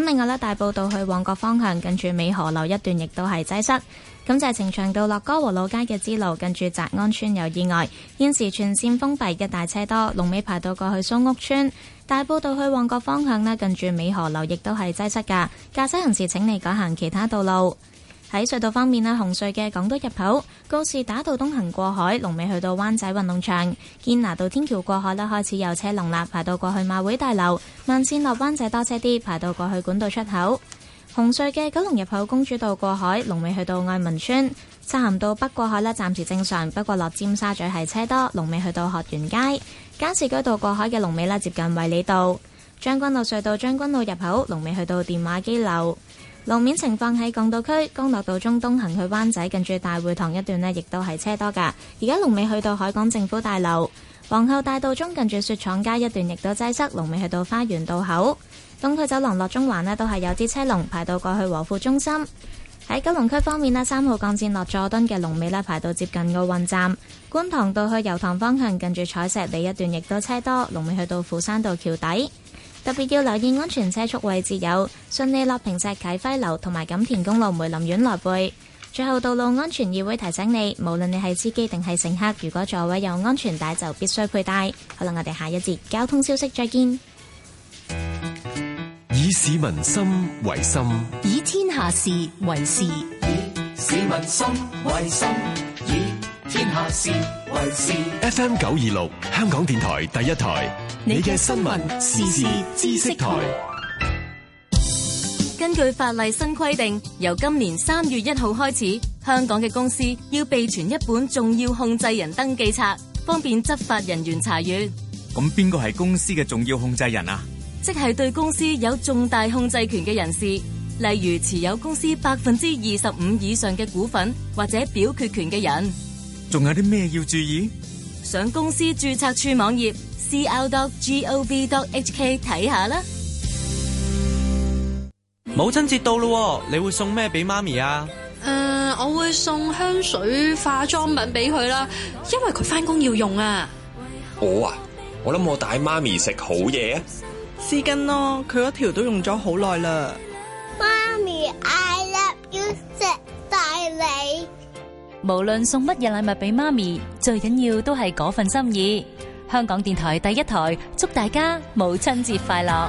咁另外呢，大埔道去旺角方向，近住美河樓一段亦都係擠塞。咁就係呈祥道落哥和老街嘅支路，近住澤安村有意外，現時全線封閉嘅大車多，龍尾排到過去蘇屋村。大埔道去旺角方向呢，近住美河樓亦都係擠塞噶，駕駛人士請你改行其他道路。喺隧道方面呢，紅隧嘅港島入口告士打道東行過海，龍尾去到灣仔運動場；堅拿道天橋過海呢開始有車龍立，排到過去馬會大樓。慢線落灣仔多車啲，排到過去管道出口。紅隧嘅九龍入口公主道過海，龍尾去到愛民村。漆咸道北過海呢暫時正常，不過落尖沙咀係車多，龍尾去到鶴園街。加士居道過海嘅龍尾呢接近衛理道。將軍澳隧道將軍澳入口，龍尾去到電話機樓。路面情況喺港島區，干諾道中東行去灣仔，近住大會堂一段呢亦都係車多㗎。而家龍尾去到海港政府大樓，皇后大道中近住雪廠街一段，亦都擠塞。龍尾去到花園道口，東區走廊落中環呢都係有啲車龍排到過去和富中心。喺九龍區方面呢，三號幹線落佐敦嘅龍尾呢排到接近奧運站。觀塘道去油塘方向，近住彩石里一段，亦都車多。龍尾去到斧山道橋底。特別要留意安全車速位置有順利落平石啟輝樓同埋錦田公路梅林苑來背。最後，道路安全議會提醒你，無論你係司機定係乘客，如果座位有安全帶就必須佩戴。好啦，我哋下一節交通消息再見。以市民心為心，以天下事為事，以市民心為心。以天下事為事，F M 九二六香港電台第一台。你嘅新聞時事知識台。根據法例新規定，由今年三月一號開始，香港嘅公司要備存一本重要控制人登記冊，方便執法人員查閱。咁邊個係公司嘅重要控制人啊？即係對公司有重大控制權嘅人士，例如持有公司百分之二十五以上嘅股份或者表決權嘅人。仲有啲咩要注意？上公司註冊處網頁 cr.gov.hk d o 睇下啦。K, 看看母親節到啦，你會送咩俾媽咪啊？誒、呃，我會送香水、化妝品俾佢啦，因為佢翻工要用啊。我啊，我諗我帶媽咪食好嘢啊。絲巾咯，佢嗰條都用咗好耐啦。媽咪 I love you, 無論送乜嘢禮物俾媽咪，最緊要都係嗰份心意。香港電台第一台，祝大家母親節快樂。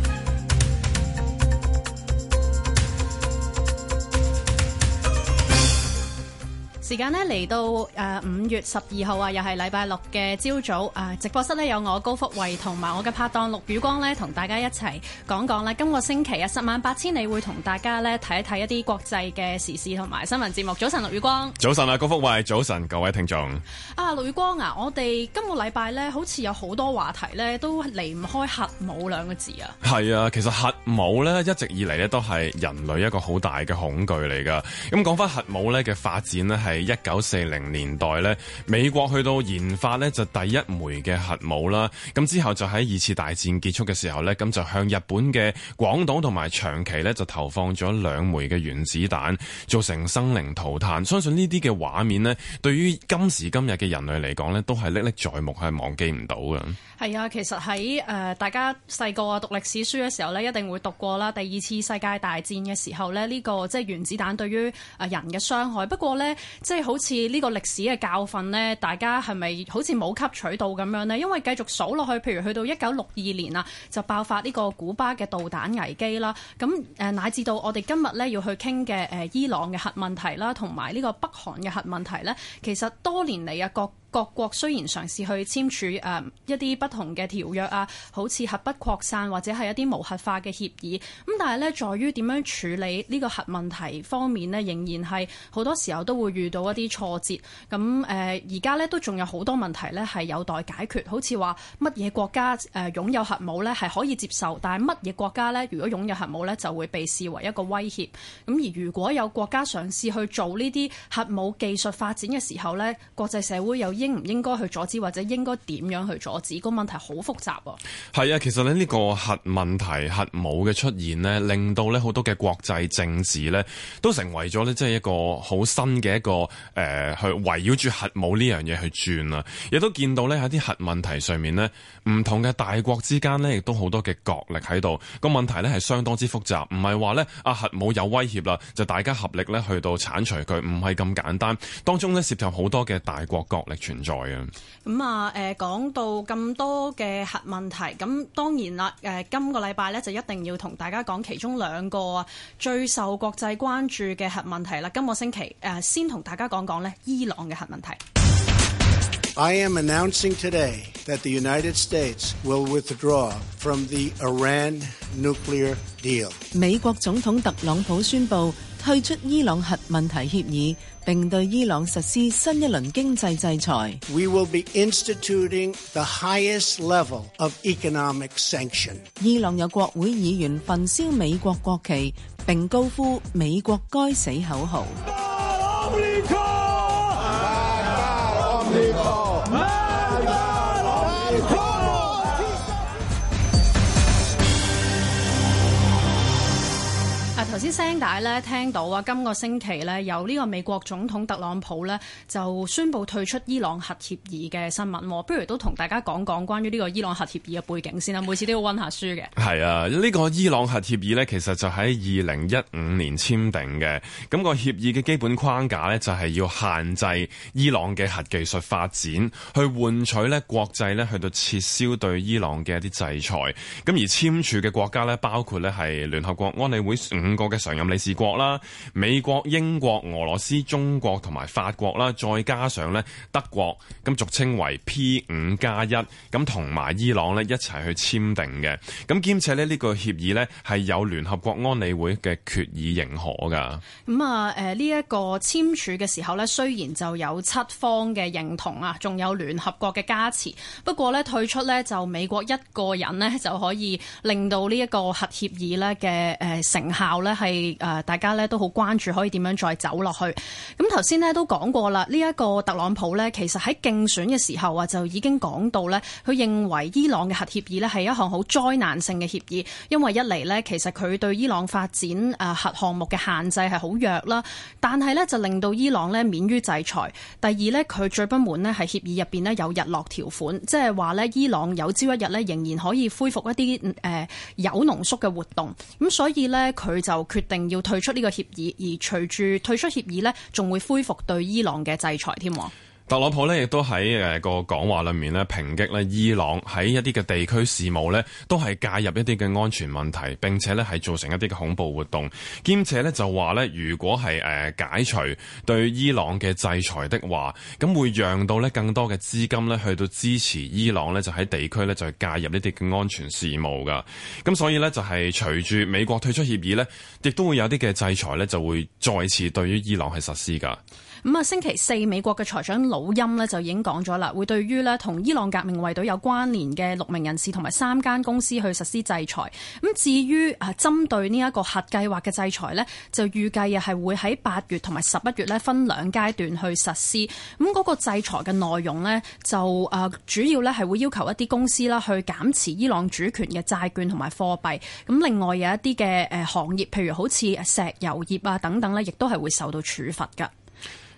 時間呢，嚟到呃、五月十二號啊，又係禮拜六嘅朝早、呃、直播室呢，有我高福慧同埋我嘅拍檔陸雨光呢，同大家一齊講講咧今個星期啊，十萬八千里會同大家呢，睇一睇一啲國際嘅時事同埋新聞節目。早晨，陸雨光。早晨啊，高福慧。早晨，各位聽眾。啊，陸雨光啊，我哋今個禮拜呢，好似有好多話題呢，都離唔開核武兩個字啊。係啊，其實核武呢，一直以嚟呢，都係人類一個好大嘅恐懼嚟㗎。咁講翻核武呢嘅發展呢，係。一九四零年代呢，美國去到研發呢就第一枚嘅核武啦，咁之後就喺二次大戰結束嘅時候呢，咁就向日本嘅廣島同埋長崎呢就投放咗兩枚嘅原子彈，造成生靈塗炭。相信呢啲嘅畫面呢，對於今時今日嘅人類嚟講呢，都係歷歷在目，係忘記唔到嘅。係啊，其實喺誒大家細個讀歷史書嘅時候呢，一定會讀過啦。第二次世界大戰嘅時候呢，呢個即係原子彈對於啊人嘅傷害。不過呢，即係好似呢個歷史嘅教訓呢，大家係咪好似冇吸取到咁樣呢？因為繼續數落去，譬如去到一九六二年啊，就爆發呢個古巴嘅導彈危機啦。咁誒乃至到我哋今日呢，要去傾嘅誒伊朗嘅核問題啦，同埋呢個北韓嘅核問題呢，其實多年嚟啊各。各國雖然嘗試去簽署誒、嗯、一啲不同嘅條約啊，好似核不擴散或者係一啲無核化嘅協議，咁但係咧，在於點樣處理呢個核問題方面咧，仍然係好多時候都會遇到一啲挫折。咁誒而家咧都仲有好多問題咧係有待解決，好似話乜嘢國家誒擁有核武咧係可以接受，但係乜嘢國家咧如果擁有核武咧就會被視為一個威脅，咁、嗯、而如果有國家嘗試去做呢啲核武技術發展嘅時候咧，國際社會有。應唔應該去阻止或者應該點樣去阻止？個問題好複雜啊。係啊，其實呢呢個核問題、核武嘅出現呢，令到呢好多嘅國際政治呢，都成為咗呢，即係一個好新嘅一個誒，呃、圍繞個去圍繞住核武呢樣嘢去轉啊。亦都見到呢，喺啲核問題上面呢，唔同嘅大國之間呢，亦都好多嘅角力喺度。個問題呢，係相當之複雜，唔係話呢，啊核武有威脅啦，就大家合力呢，去到鏟除佢，唔係咁簡單。當中呢，涉及好多嘅大國角力。存在啊！咁啊，誒，講到咁多嘅核問題，咁當然啦，誒，今個禮拜咧就一定要同大家講其中兩個最受國際關注嘅核問題啦。今個星期，誒，先同大家講講咧，伊朗嘅核問題。I am announcing today that the United States will withdraw from the Iran nuclear deal。美國總統特朗普宣佈退出伊朗核問題協議。並對伊朗實施新一輪經濟制裁。We will be instituting the highest level of economic sanction。伊朗有國會議員焚燒美國國旗，並高呼美國該死口號。Oh, 先聲帶咧，聽到啊，今個星期咧由呢個美國總統特朗普咧就宣布退出伊朗核協議嘅新聞，不如都同大家講講關於呢個伊朗核協議嘅背景先啦。每次都要温下書嘅。係啊，呢個伊朗核協議呢，其實就喺二零一五年簽訂嘅。咁個協議嘅基本框架呢，就係要限制伊朗嘅核技術發展，去換取咧國際咧去到撤銷對伊朗嘅一啲制裁。咁而簽署嘅國家呢，包括呢係聯合國安理會五個嘅常任理事國啦，美國、英國、俄羅斯、中國同埋法國啦，再加上咧德國，咁俗稱為 P 五加一，咁同埋伊朗咧一齊去簽訂嘅，咁兼且呢，呢個協議呢係有聯合國安理會嘅決議認可㗎。咁、嗯、啊，誒呢一個簽署嘅時候呢，雖然就有七方嘅認同啊，仲有聯合國嘅加持，不過呢退出呢，就美國一個人呢就可以令到呢一個核協議呢嘅誒成效呢。係誒，大家咧都好關注可以點樣再走落去。咁頭先呢都講過啦，呢一個特朗普呢，其實喺競選嘅時候啊，就已經講到呢。佢認為伊朗嘅核協議呢，係一項好災難性嘅協議，因為一嚟呢，其實佢對伊朗發展誒核項目嘅限制係好弱啦，但係呢，就令到伊朗呢免於制裁。第二呢，佢最不滿呢係協議入邊呢有日落條款，即係話呢，伊朗有朝一日呢仍然可以恢復一啲有濃縮嘅活動，咁所以呢，佢就。決定要退出呢個協議，而隨住退出協議呢，仲會恢復對伊朗嘅制裁添。特朗普咧亦都喺誒、呃、個講話裏面咧抨擊咧伊朗喺一啲嘅地區事務咧都係介入一啲嘅安全問題，並且咧係造成一啲嘅恐怖活動，兼且咧就話咧如果係、呃、解除對伊朗嘅制裁的話，咁會讓到咧更多嘅資金咧去到支持伊朗咧就喺地區咧就介入呢啲嘅安全事務㗎，咁所以咧就係、是、隨住美國退出協議咧，亦都會有啲嘅制裁咧就會再次對於伊朗係實施㗎。咁啊，星期四，美國嘅財長魯音呢就已經講咗啦，會對於呢同伊朗革命衛隊有關連嘅六名人士同埋三間公司去實施制裁。咁至於啊，針對呢一個核計劃嘅制裁呢就預計啊係會喺八月同埋十一月呢分兩階段去實施。咁、那、嗰個制裁嘅內容呢就啊主要呢係會要求一啲公司啦去減持伊朗主權嘅債券同埋貨幣。咁另外有一啲嘅誒行業，譬如好似石油業啊等等呢，亦都係會受到處罰噶。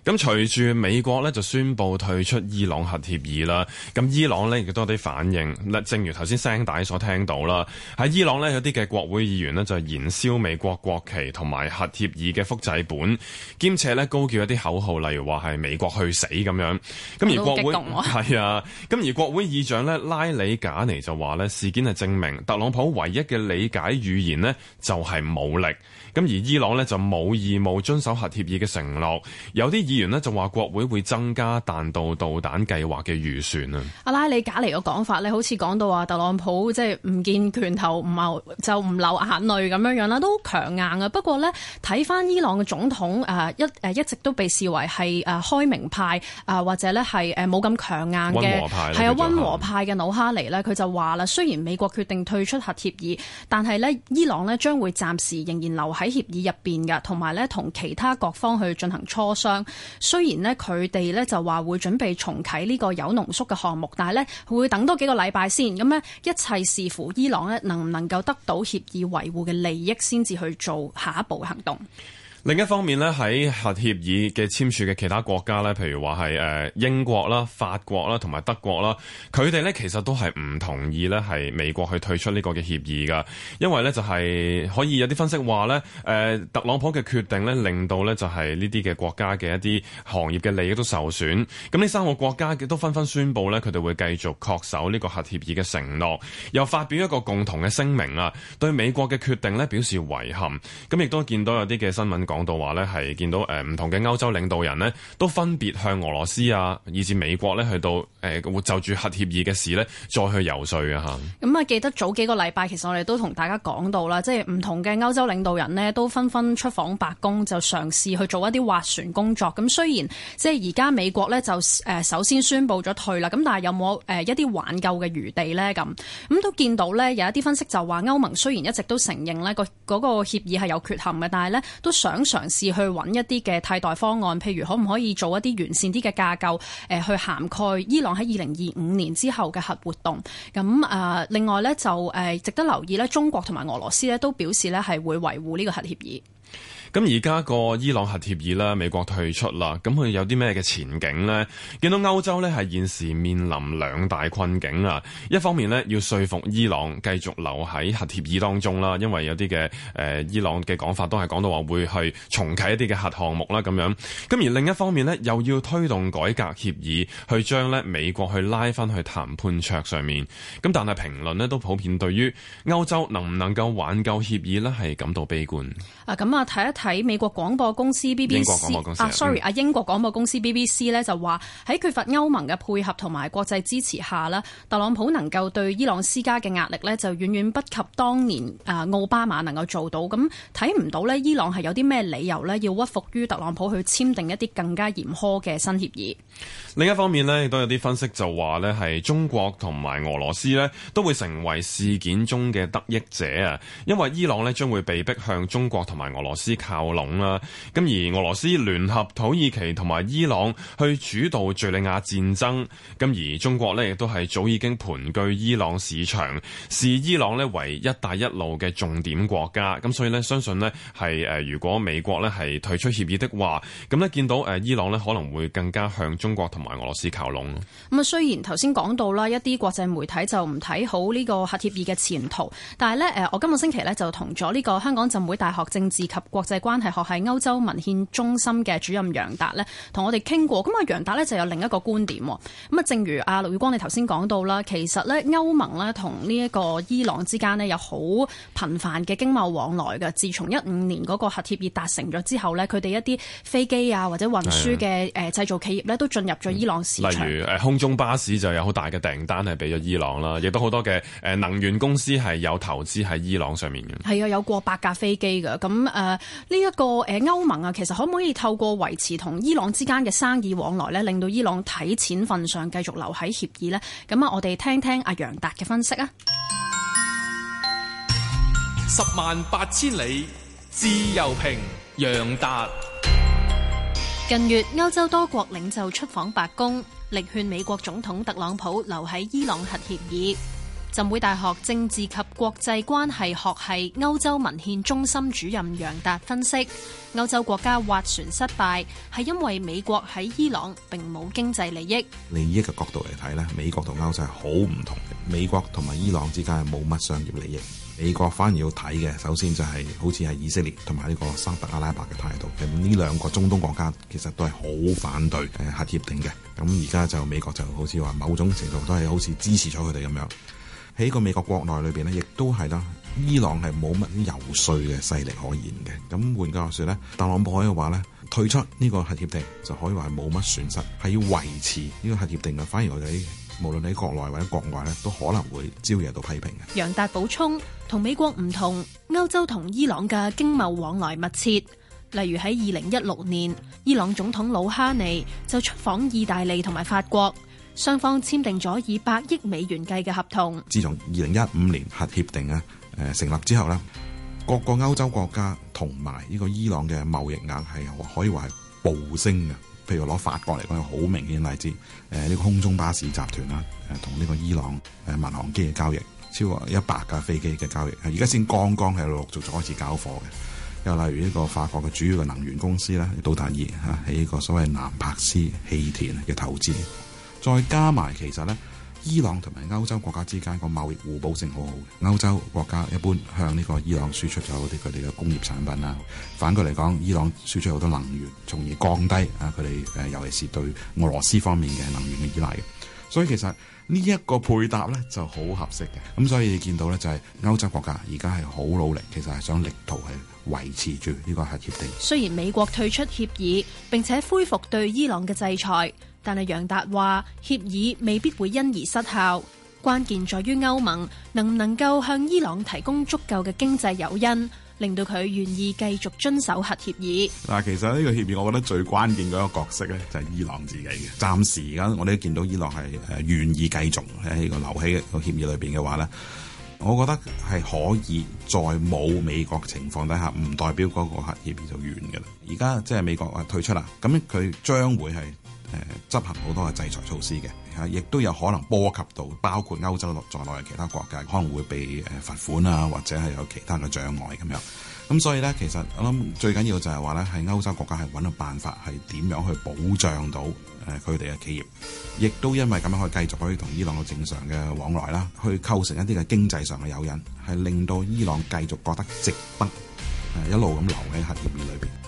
咁隨住美國咧就宣布退出伊朗核協議啦，咁伊朗咧亦都有啲反應。嗱，正如頭先聲帶所聽到啦，喺伊朗咧有啲嘅國會議員呢就係燃燒美國國旗同埋核協議嘅複製本，兼且咧高叫一啲口號，例如話係美國去死咁樣。咁而國會啊，咁而國會議長咧拉里賈尼就話咧事件係證明特朗普唯一嘅理解語言呢，就係武力。咁而伊朗呢就冇義務遵守核協議嘅承諾，有啲議員呢就話國會會增加彈道導彈計劃嘅預算啊。阿拉里賈尼嘅講法咧，好似講到話特朗普即係唔見拳頭，唔就唔流眼淚咁樣樣啦，都強硬嘅。不過呢睇返伊朗嘅總統一一直都被視為係開明派啊，或者呢係冇咁強硬嘅，係啊，溫和派嘅努哈尼呢佢就話啦，雖然美國決定退出核協議，但係呢伊朗將會暫時仍然留喺。喺協議入邊嘅，同埋咧同其他各方去進行磋商。雖然呢，佢哋咧就話會準備重啟呢個有濃縮嘅項目，但係咧會等多幾個禮拜先。咁咧一切視乎伊朗咧能唔能夠得到協議維護嘅利益，先至去做下一步行動。另一方面呢，喺核協議嘅簽署嘅其他國家呢，譬如話係誒英國啦、法國啦同埋德國啦，佢哋呢其實都係唔同意呢係美國去退出呢個嘅協議噶。因為呢就係可以有啲分析話呢誒特朗普嘅決定呢令到呢就係呢啲嘅國家嘅一啲行業嘅利益都受損。咁呢三個國家亦都紛紛宣布呢，佢哋會繼續確守呢個核協議嘅承諾，又發表一個共同嘅聲明啊，對美國嘅決定呢表示遺憾。咁亦都見到有啲嘅新聞講。講到話呢，係見到誒唔、呃、同嘅歐洲領導人呢，都分別向俄羅斯啊，以至美國呢，去到誒、呃、就住核協議嘅事呢，再去游說嘅吓。咁啊、嗯，記得早幾個禮拜，其實我哋都同大家講到啦，即係唔同嘅歐洲領導人呢，都紛紛出訪白宮，就嘗試去做一啲斡旋工作。咁雖然即係而家美國呢，就誒、呃、首先宣布咗退啦，咁但係有冇誒一啲挽救嘅餘地呢？咁咁、嗯、都見到呢，有一啲分析就話歐盟雖然一直都承認呢個嗰個協議係有缺陷嘅，但係呢都想。嘗試去揾一啲嘅替代方案，譬如可唔可以做一啲完善啲嘅架構，誒去涵蓋伊朗喺二零二五年之後嘅核活動。咁啊、呃，另外呢，就誒、呃、值得留意呢，中國同埋俄羅斯呢都表示呢係會維護呢個核協議。咁而家個伊朗核協議啦，美國退出啦，咁佢有啲咩嘅前景咧？見到歐洲咧係現時面臨兩大困境啊，一方面咧要說服伊朗繼續留喺核協議當中啦，因為有啲嘅誒伊朗嘅講法都係講到話會去重啟一啲嘅核項目啦咁樣。咁而另一方面咧又要推動改革協議去將咧美國去拉翻,去談判桌上面。咁但係評論咧都普遍對於歐洲能唔能夠挽救協議咧係感到悲觀啊，咁啊睇一睇。喺美國廣播公司 BBC 啊，sorry 啊，英國廣播公司、啊、sorry、英國廣播公司 BBC 就話喺、嗯、缺乏歐盟嘅配合同埋國際支持下啦，特朗普能夠對伊朗施加嘅壓力咧就遠遠不及當年啊奧巴馬能夠做到，咁睇唔到伊朗係有啲咩理由要屈服於特朗普去簽訂一啲更加嚴苛嘅新協議。另一方面咧，亦都有啲分析就話咧係中國同埋俄羅斯都會成為事件中嘅得益者啊，因為伊朗咧將會被逼向中國同埋俄羅斯靠靠攏啦，咁而俄羅斯聯合土耳其同埋伊朗去主導敘利亞戰爭，咁而中國呢亦都係早已經盤踞伊朗市場，視伊朗呢為一帶一路嘅重點國家，咁所以呢，相信呢係誒如果美國呢係退出協議的話，咁呢見到誒伊朗呢可能會更加向中國同埋俄羅斯靠攏。咁啊雖然頭先講到啦，一啲國際媒體就唔睇好呢個核協議嘅前途，但係呢，誒我今個星期呢就同咗呢個香港浸會大學政治及國際。關係學系歐洲文獻中心嘅主任楊達呢，同我哋傾過。咁啊，楊達呢，就有另一個觀點。咁啊，正如啊盧宇光你頭先講到啦，其實呢，歐盟呢，同呢一個伊朗之間呢，有好頻繁嘅經貿往來嘅。自從一五年嗰個核協議達成咗之後呢，佢哋一啲飛機啊或者運輸嘅誒製造企業呢，都進入咗伊朗市場。例如誒空中巴士就有好大嘅訂單係俾咗伊朗啦，亦都好多嘅誒能源公司係有投資喺伊朗上面嘅。係啊，有過百架飛機嘅，咁呢一、這個誒、呃、歐盟啊，其實可唔可以透過維持同伊朗之間嘅生意往來呢，令到伊朗睇錢份上繼續留喺協議呢？咁啊，我哋聽聽阿楊達嘅分析啊！十萬八千里自由平楊達。楊達近月歐洲多國領袖出訪白宮，力勸美國總統特朗普留喺伊朗核協議。浸會大學政治及國際關係學系歐洲文獻中心主任楊達分析：歐洲國家划船失敗係因為美國喺伊朗並冇經濟利益。利益嘅角度嚟睇咧，美國同歐洲係好唔同嘅。美國同埋伊朗之間係冇乜商業利益，美國反而要睇嘅，首先就係、是、好似係以色列同埋呢個沙特阿拉伯嘅態度。咁呢兩個中東國家其實都係好反對誒核協定嘅。咁而家就美國就好似話某種程度都係好似支持咗佢哋咁樣。喺個美國國內裏邊呢，亦都係啦。伊朗係冇乜游説嘅勢力可言嘅。咁換句話説咧，特朗普可以話咧，退出呢個核協定就可以話冇乜損失，係要維持呢個核協定嘅。反而我哋無論你喺國內或者國外咧，都可能會招惹到批評嘅。楊達補充，同美國唔同，歐洲同伊朗嘅經貿往來密切。例如喺二零一六年，伊朗總統魯哈尼就出訪意大利同埋法國。雙方簽訂咗以百億美元計嘅合同。自從二零一五年核協定啊，誒成立之後咧，各個歐洲國家同埋呢個伊朗嘅貿易額係可以話係暴升嘅。譬如攞法國嚟講，有好明顯例子，誒、這、呢個空中巴士集團啦，誒同呢個伊朗誒民航機嘅交易，超過一百架飛機嘅交易，而家先剛剛係陸續咗開始交貨嘅。又例如呢個法國嘅主要嘅能源公司咧，道達爾吓喺呢個所謂南帕斯氣田嘅投資。再加埋其實呢，伊朗同埋歐洲國家之間個貿易互補性好好嘅。歐洲國家一般向呢個伊朗輸出咗啲佢哋嘅工業產品啦，反過嚟講，伊朗輸出好多能源，從而降低啊佢哋誒尤其是對俄羅斯方面嘅能源嘅依賴。所以其實。呢一個配搭呢就好合適嘅，咁所以你見到呢、就是，就係歐洲國家而家係好努力，其實係想力圖係維持住呢個核協定。雖然美國退出協議並且恢復對伊朗嘅制裁，但係楊達話協議未必會因而失效，關鍵在於歐盟能唔能夠向伊朗提供足夠嘅經濟誘因。令到佢願意繼續遵守核協議。嗱，其實呢個協議，我覺得最關鍵嗰個角色咧，就係伊朗自己嘅。暫時而家我哋都見到伊朗係誒願意繼續喺呢個留喺個協議裏邊嘅話咧，我覺得係可以再冇美國情況底下，唔代表嗰個核協議就完噶啦。而家即係美國話退出啦，咁佢將會係。誒執行好多嘅制裁措施嘅嚇，亦都有可能波及到包括歐洲在內嘅其他國家，可能會被誒罰款啊，或者係有其他嘅障礙咁樣。咁所以咧，其實我諗最緊要就係話咧，喺歐洲國家係揾個辦法，係點樣去保障到誒佢哋嘅企業，亦都因為咁樣去繼續可以同伊朗嘅正常嘅往來啦，去構成一啲嘅經濟上嘅誘引，係令到伊朗繼續覺得值得，係一路咁留喺核協議裏邊。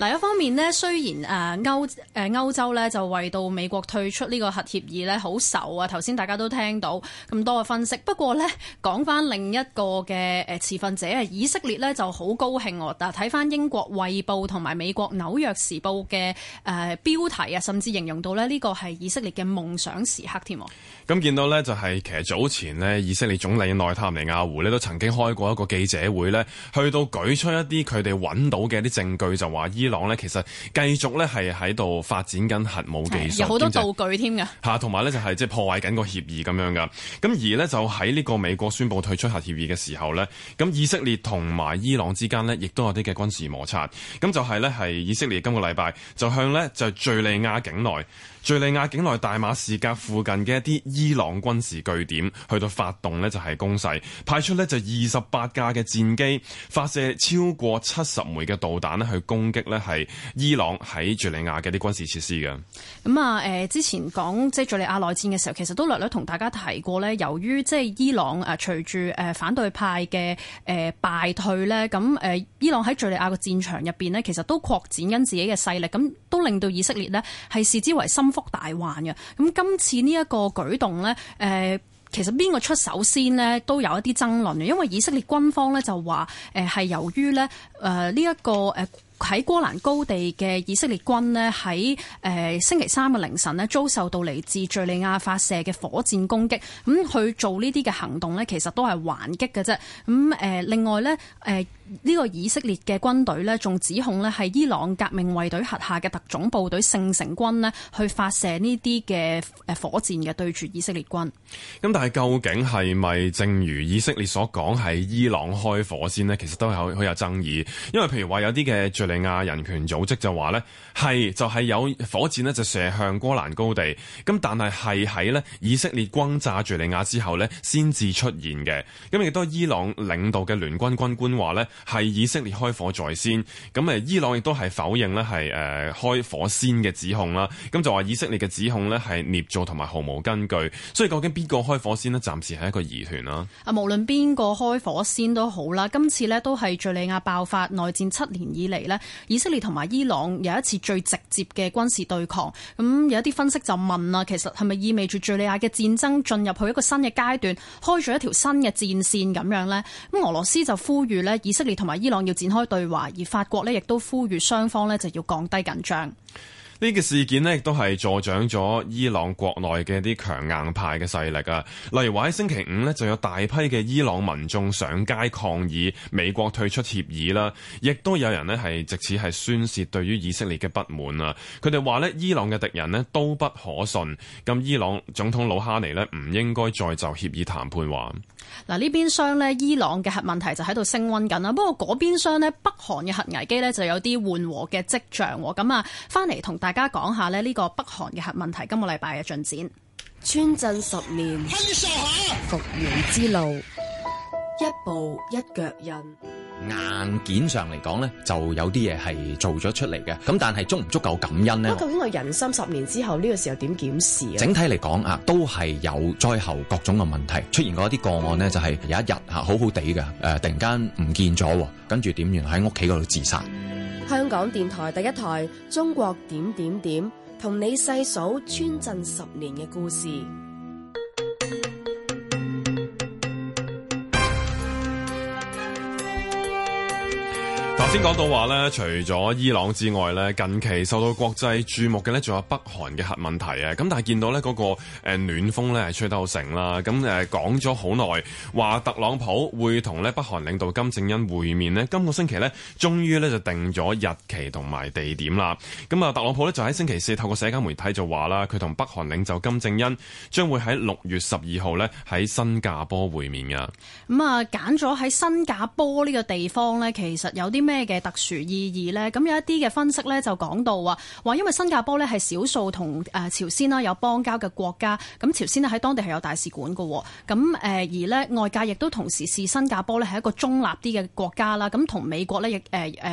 嗱，一方面呢，雖然誒歐誒歐洲呢就為到美國退出呢個核協議呢好愁啊，頭先大家都聽到咁多嘅分析。不過呢，講翻另一個嘅誒持份者啊，以色列呢就好高興喎。嗱，睇翻英國衛報同埋美國紐約時報嘅誒標題啊，甚至形容到呢呢個係以色列嘅夢想時刻添。咁見到呢，就係其實早前呢，以色列總理內塔尼亞胡呢都曾經開過一個記者會呢去到舉出一啲佢哋揾到嘅啲證據，就話伊朗呢其實繼續呢係喺度發展緊核武技術，有好多道具添㗎。嚇，同埋呢，就係即係破壞緊個協議咁樣噶。咁而呢，就喺呢個美國宣布退出核協議嘅時候呢，咁以色列同埋伊朗之間呢亦都有啲嘅軍事摩擦。咁就係呢，係以色列今個禮拜就向呢，就敍利亞境內，敘利亞境內大馬士革附近嘅一啲伊朗軍事據點，去到發動呢，就係攻勢，派出呢就二十八架嘅戰機，發射超過七十枚嘅導彈呢去攻擊呢係伊朗喺敘利亞嘅啲軍事設施嘅。咁啊、嗯，誒、呃、之前講即係叙利亞內戰嘅時候，其實都略略同大家提過呢：由於即係伊朗誒隨住誒反對派嘅誒、呃、敗退呢，咁、呃、誒伊朗喺敘利亞個戰場入邊呢，其實都擴展緊自己嘅勢力，咁都令到以色列呢係視之為心。大患嘅，咁今次呢一個舉動咧，誒、呃，其實邊個出手先咧，都有一啲爭論嘅，因為以色列軍方咧就話，誒、呃，係由於咧，誒呢一個誒。呃喺戈蘭高地嘅以色列軍咧，喺誒星期三嘅凌晨咧，遭受到嚟自敘利亞發射嘅火箭攻擊。咁去做呢啲嘅行動咧，其實都係還擊嘅啫。咁誒，另外呢，誒呢個以色列嘅軍隊咧，仲指控咧係伊朗革命衛隊轄下嘅特種部隊聖城軍咧，去發射呢啲嘅誒火箭嘅對住以色列軍。咁但係究竟係咪正如以色列所講係伊朗開火箭呢？其實都係好有爭議，因為譬如話有啲嘅利亞人權組織就話呢，係就係、是、有火箭呢，就射向戈蘭高地，咁但係係喺呢以色列轟炸敍利亞之後呢，先至出現嘅。咁亦都係伊朗領導嘅聯軍軍官話呢，係以色列開火在先。咁誒，伊朗亦都係否認呢，係、呃、誒開火先嘅指控啦。咁就話以色列嘅指控呢，係捏造同埋毫無根據。所以究竟邊個開火先呢？暫時係一個疑團啦。啊，無論邊個開火先都好啦，今次呢，都係敍利亞爆發內戰七年以嚟呢。以色列同埋伊朗有一次最直接嘅軍事對抗，咁有一啲分析就問啦，其實係咪意味住敘利亞嘅戰爭進入去一個新嘅階段，開咗一條新嘅戰綫咁樣呢？咁俄羅斯就呼籲呢，以色列同埋伊朗要展開對話，而法國呢亦都呼籲雙方呢就要降低緊張。呢個事件呢，亦都係助長咗伊朗國內嘅一啲強硬派嘅勢力啊。例如話喺星期五呢，就有大批嘅伊朗民眾上街抗議美國退出協議啦，亦都有人呢，係藉此係宣泄對於以色列嘅不滿啊。佢哋話呢，伊朗嘅敵人呢，都不可信，咁伊朗總統魯哈尼呢，唔應該再就協議談判話。嗱，呢邊廂咧，伊朗嘅核問題就喺度升溫緊啦。不過嗰邊廂咧，北韓嘅核危機咧就有啲緩和嘅跡象。咁啊，翻嚟同大家講下咧，呢個北韓嘅核問題今個禮拜嘅進展。川震十年雪復原之路，一步一腳印。硬件上嚟講咧，就有啲嘢係做咗出嚟嘅，咁但係足唔足夠感恩呢？究竟我人生十年之後呢，這個時候點檢視啊？整體嚟講啊，都係有災後各種嘅問題出現過一啲個案咧，就係、是、有一日吓好好地嘅誒，突然間唔見咗，跟住點？原來喺屋企嗰度自殺。香港電台第一台中國點點點，同你細數村鎮十年嘅故事。頭先講到話咧，除咗伊朗之外咧，近期受到國際注目嘅咧，仲有北韓嘅核問題啊！咁但係見到咧嗰個誒暖風咧係吹得好成啦，咁誒講咗好耐，話特朗普會同咧北韓領導金正恩會面呢，今個星期咧終於咧就定咗日期同埋地點啦。咁啊，特朗普咧就喺星期四透過社交媒體就話啦，佢同北韓領袖金正恩將會喺六月十二號咧喺新加坡會面噶。咁啊，揀咗喺新加坡呢個地方咧，其實有啲。咩嘅特殊意義呢？咁有一啲嘅分析呢，就講到話話因為新加坡呢係少數同誒朝鮮啦有邦交嘅國家，咁朝鮮呢喺當地係有大使館嘅。咁、呃、而呢，外界亦都同時視新加坡呢係一個中立啲嘅國家啦。咁同美國呢亦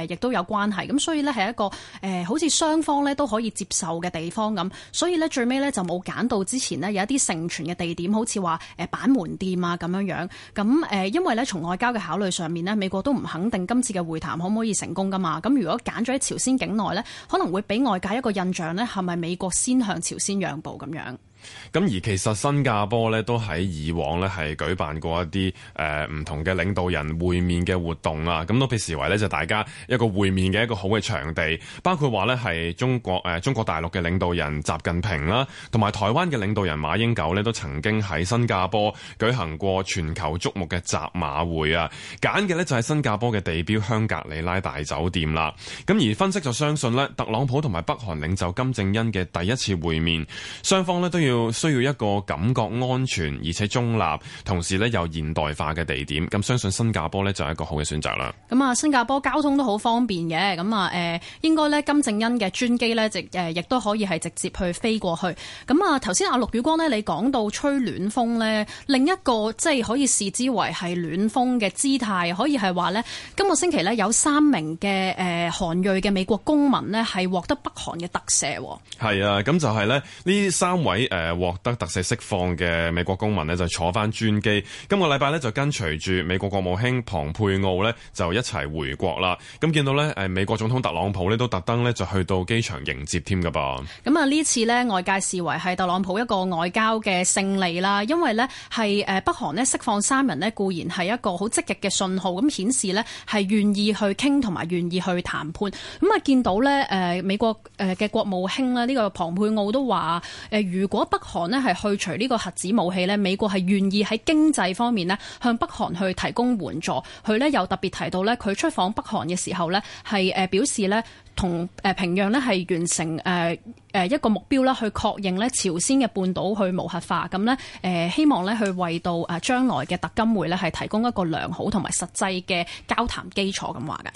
亦都有關係。咁所以呢，係一個、呃、好似雙方呢都可以接受嘅地方咁。所以呢，最尾呢就冇揀到之前呢有一啲盛傳嘅地點，好似話誒板門店啊咁樣樣。咁、呃、因為呢，從外交嘅考慮上面呢，美國都唔肯定今次嘅會談。可唔可以成功噶嘛？咁如果揀咗喺朝鮮境內咧，可能會俾外界一個印象咧，係咪美國先向朝鮮讓步咁樣？咁而其實新加坡咧都喺以往咧係舉辦過一啲誒唔同嘅領導人會面嘅活動啦，咁、啊、都被視為咧就大家一個會面嘅一個好嘅場地，包括話咧係中國、呃、中國大陸嘅領導人習近平啦，同、啊、埋台灣嘅領導人馬英九呢，都曾經喺新加坡舉行過全球矚目嘅習馬會啊，揀嘅呢，就係、是、新加坡嘅地標香格里拉大酒店啦。咁、啊、而分析就相信呢，特朗普同埋北韓領袖金正恩嘅第一次會面，雙方呢都要。需要一個感覺安全而且中立，同時咧又現代化嘅地點，咁相信新加坡呢就係一個好嘅選擇啦。咁啊，新加坡交通都好方便嘅，咁啊，誒應該呢，金正恩嘅專機呢直誒亦都可以係直接去飛過去。咁啊，頭先阿陸雨光呢，你講到吹暖風呢，另一個即係可以視之為係暖風嘅姿態，可以係話呢，今個星期呢，有三名嘅誒韓裔嘅美國公民呢，係獲得北韓嘅特赦。係啊，咁就係呢，呢三位誒。誒獲得特赦釋放嘅美國公民咧，就坐翻專機。今個禮拜咧就跟隨住美國國務卿蓬佩奧呢就一齊回國啦。咁見到呢，誒美國總統特朗普咧都特登呢，就去到機場迎接添㗎噃。咁啊呢次呢外界視為係特朗普一個外交嘅勝利啦，因為呢係誒北韓咧釋放三人呢固然係一個好積極嘅信號，咁顯示呢係願意去傾同埋願意去談判。咁啊見到呢誒、呃、美國誒嘅國務卿呢，呢、呢個蓬佩奧都話誒、呃、如果，北韓咧係去除呢個核子武器咧，美國係願意喺經濟方面咧向北韓去提供援助。佢咧又特別提到咧，佢出訪北韓嘅時候咧係誒表示咧同誒平壤咧係完成誒誒一個目標啦，去確認咧朝鮮嘅半島去無核化。咁咧誒希望咧去為到誒將來嘅特金會咧係提供一個良好同埋實際嘅交談基礎咁話嘅。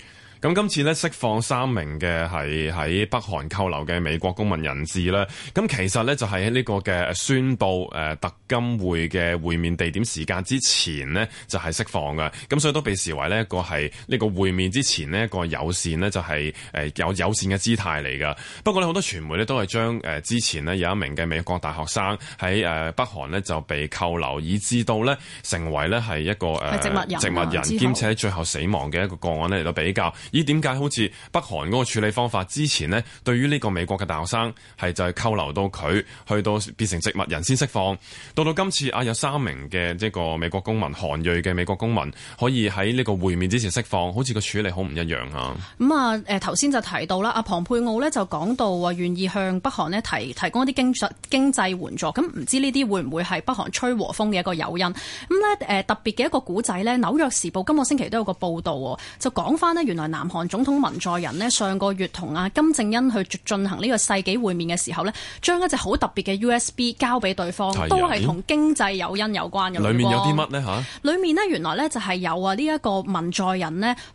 咁今次咧釋放三名嘅係喺北韓扣留嘅美國公民人士啦，咁其實咧就係喺呢個嘅宣佈誒特金會嘅會面地點時間之前呢，就係釋放嘅，咁所以都被視為呢一個係呢個會面之前呢一個友善呢，就係誒有友善嘅姿態嚟噶。不過呢好多傳媒呢都係將誒之前呢有一名嘅美國大學生喺誒北韓呢就被扣留，以至到呢成為呢係一個誒植物人，植物人兼且最後死亡嘅一個個案呢嚟到比較。咦？點解好似北韓嗰個處理方法之前呢，對於呢個美國嘅大學生係就係扣留到佢去到變成植物人先釋放，到到今次啊有三名嘅即個美國公民、韓裔嘅美國公民可以喺呢個會面之前釋放，好似個處理好唔一樣啊。咁啊誒頭先就提到啦，阿龐佩奧呢就講到話願意向北韓呢提提供一啲經，經濟援助，咁唔知呢啲會唔會係北韓吹和風嘅一個誘因？咁、嗯、呢、呃、特別嘅一個古仔呢，《紐約時報》今個星期都有個報道，就講翻呢原來南南韓總統文在寅上個月同阿金正恩去進行呢個世紀會面嘅時候咧，將一隻好特別嘅 USB 交俾對方，的都係同經濟有因有關嘅。裡面有啲乜呢？吓？裡面呢，原來呢就係有啊呢一個文在寅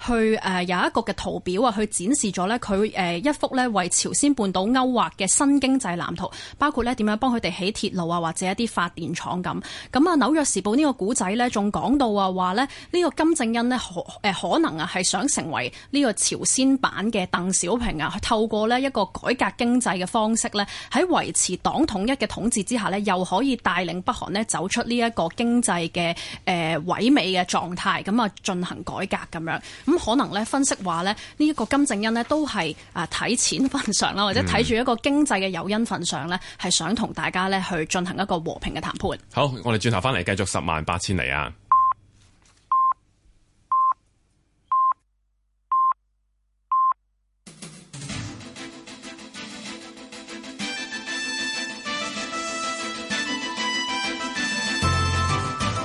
去誒有一個嘅圖表啊，去展示咗佢誒一幅咧為朝鮮半島勾畫嘅新經濟藍圖，包括咧點樣幫佢哋起鐵路啊，或者一啲發電廠咁。咁啊《紐約時報》呢個古仔呢，仲講到啊話呢個金正恩可誒可能啊係想成為。呢個朝鮮版嘅鄧小平啊，透過呢一個改革經濟嘅方式呢，喺維持黨統一嘅統治之下呢，又可以帶領北韓呢走出呢、呃這個、一個經濟嘅誒萎靡嘅狀態，咁啊進行改革咁樣。咁可能呢分析話呢呢一個金正恩呢都係啊睇錢份上啦，或者睇住一個經濟嘅誘因份上呢係想同大家呢去進行一個和平嘅談判。好，我哋轉頭翻嚟繼續十萬八千里啊！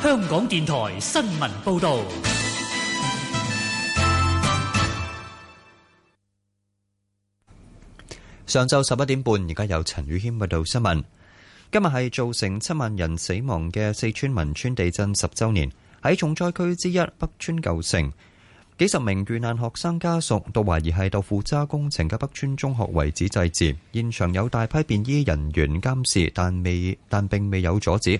香港電台新聞報道：上晝十一點半，而家由陳宇謙報道新聞。今日係造成七萬人死亡嘅四川汶川地震十周年。喺重災區之一北川舊城，幾十名遇難學生家屬到懷疑係豆腐渣工程嘅北川中學遺址祭奠。現場有大批便衣人員監視，但未但並未有阻止。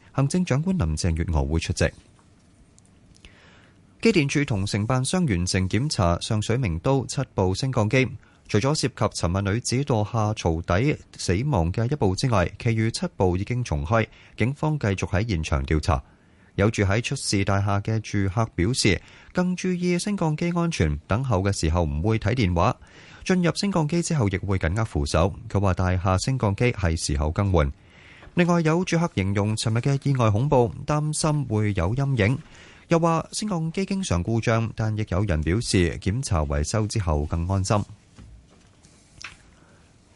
行政長官林鄭月娥會出席。機電署同承辦商完成檢查上水名都七部升降機，除咗涉及尋日女子墮下槽底死亡嘅一部之外，其餘七部已經重開。警方繼續喺現場調查。有住喺出事大廈嘅住客表示，更注意升降機安全，等候嘅時候唔會睇電話。進入升降機之後，亦會緊握扶手。佢話大廈升降機係時候更換。另外有住客形容尋日嘅意外恐怖，擔心會有陰影，又話升降機經常故障，但亦有人表示檢查維修之後更安心。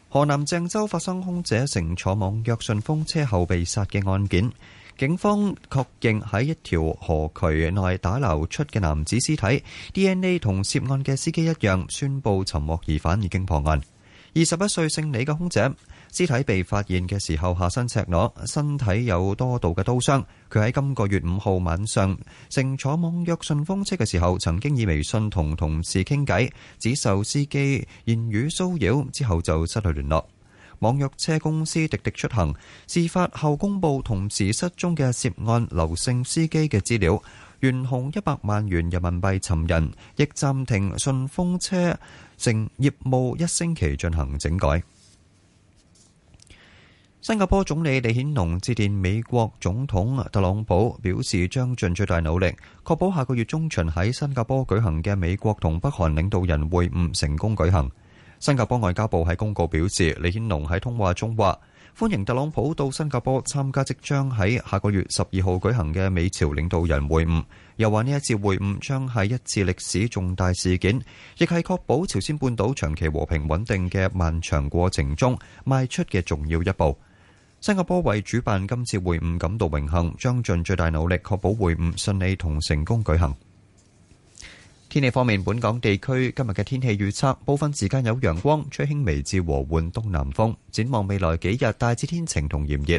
河南鄭州發生空姐乘坐網約順風車後被殺嘅案件，警方確認喺一條河渠內打撈出嘅男子屍體，DNA 同涉案嘅司機一樣，宣布尋獲疑犯，已經破案。二十一歲姓李嘅空姐，屍體被發現嘅時候，下身赤裸，身體有多度嘅刀傷。佢喺今個月五號晚上乘坐網約順風車嘅時候，曾經以微信同同事傾偈，只受司機言語騷擾，之後就失去聯絡。網約車公司滴滴出行事發後公佈同時失蹤嘅涉案劉姓司機嘅資料，懸紅一百萬元人民幣尋人，亦暫停順風車。正業務一星期進行整改。新加坡總理李顯龍致電美國總統特朗普，表示將盡最大努力確保下個月中旬喺新加坡舉行嘅美國同北韓領導人會晤成功舉行。新加坡外交部喺公告表示，李顯龍喺通話中話歡迎特朗普到新加坡參加即將喺下個月十二號舉行嘅美朝領導人會晤。又話呢一次會晤將係一次歷史重大事件，亦係確保朝鮮半島長期和平穩定嘅漫長過程中邁出嘅重要一步。新加坡為主辦今次會晤感到榮幸，將盡最大努力確保會晤順利同成功舉行。天氣方面，本港地區今日嘅天氣預測部分時間有陽光，吹輕微至和緩東南風。展望未來幾日，大致天晴同炎熱。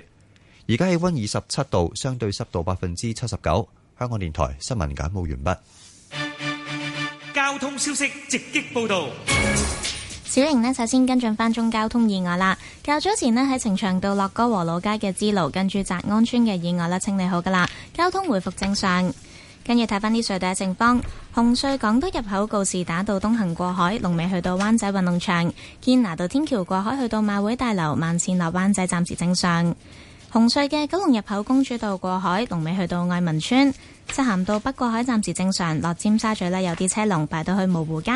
而家氣温二十七度，相對濕度百分之七十九。香港電台新聞簡報完畢。交通消息直擊報道。小瑩呢，首先跟進翻宗交通意外啦。較早前呢，喺呈祥道落歌和老街嘅支路，跟住澤安村嘅意外咧，清理好噶啦，交通回復正常。跟住睇翻啲隧道嘅情況，紅隧港島入口告士打道東行過海，龍尾去到灣仔運動場；堅拿道天橋過海去到馬會大樓，慢線落灣仔，暫時正常。紅隧嘅九龍入口公主道過海，龍尾去到愛民村；漆咸道北過海暫時正常，落尖沙咀呢有啲車龍排到去蕪湖街；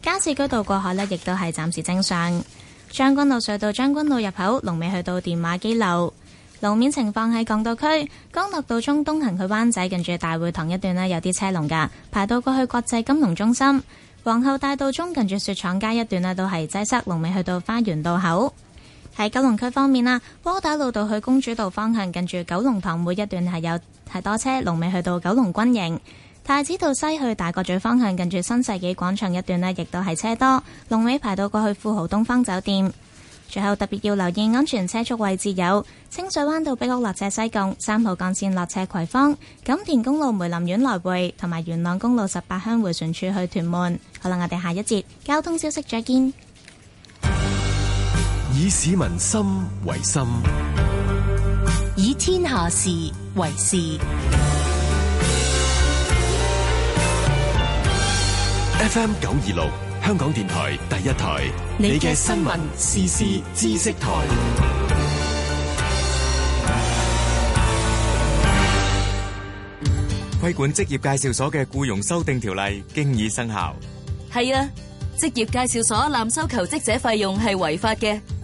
加士居道過海呢亦都係暫時正常。將軍澳隧道將軍澳入口龍尾去到電話機樓。路面情況喺港島區，干諾道中東行去灣仔，近住大會堂一段呢有啲車龍噶，排到過去國際金融中心；皇后大道中近住雪廠街一段呢都係擠塞，龍尾去到花園道口。喺九龍區方面啦，窩打老道去公主道方向，近住九龍塘每一段係有太多車，龍尾去到九龍軍營。太子道西去大角咀方向，近住新世紀廣場一段呢，亦都係車多，龍尾排到過去富豪東方酒店。最後特別要留意安全車速位置有清水灣道碧玉落斜、西貢三號幹線落斜、葵芳、錦田公路、梅林苑來回，同埋元朗公路十八鄉回旋處去屯門。好啦，我哋下一節交通消息再見。.以市民心為心，以天下事為事。F. M. 九二六香港電台第一台，你嘅新聞、時事、知識台。規 管職業介紹所嘅僱傭修訂條例經已生效。係啊，職業介紹所濫收求職者費用係違法嘅。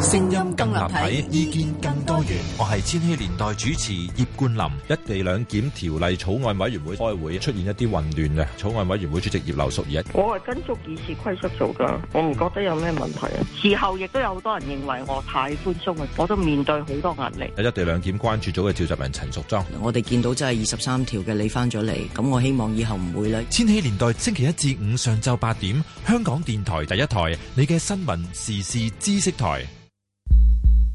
聲音更立體，意見更多元。我係千禧年代主持葉冠霖。一地兩檢條例草案委員會開會出現一啲混亂嘅，草案委員會主席葉劉淑儀。我係跟足議事規則做噶，我唔覺得有咩問題啊。事後亦都有好多人認為我太寬鬆啊，我都面對好多壓力。一地兩檢關注組嘅召集人陳淑莊。我哋見到真係二十三條嘅你返咗嚟，咁我希望以後唔會咧。千禧年代星期一至五上晝八點，香港電台第一台，你嘅新聞時事知識台。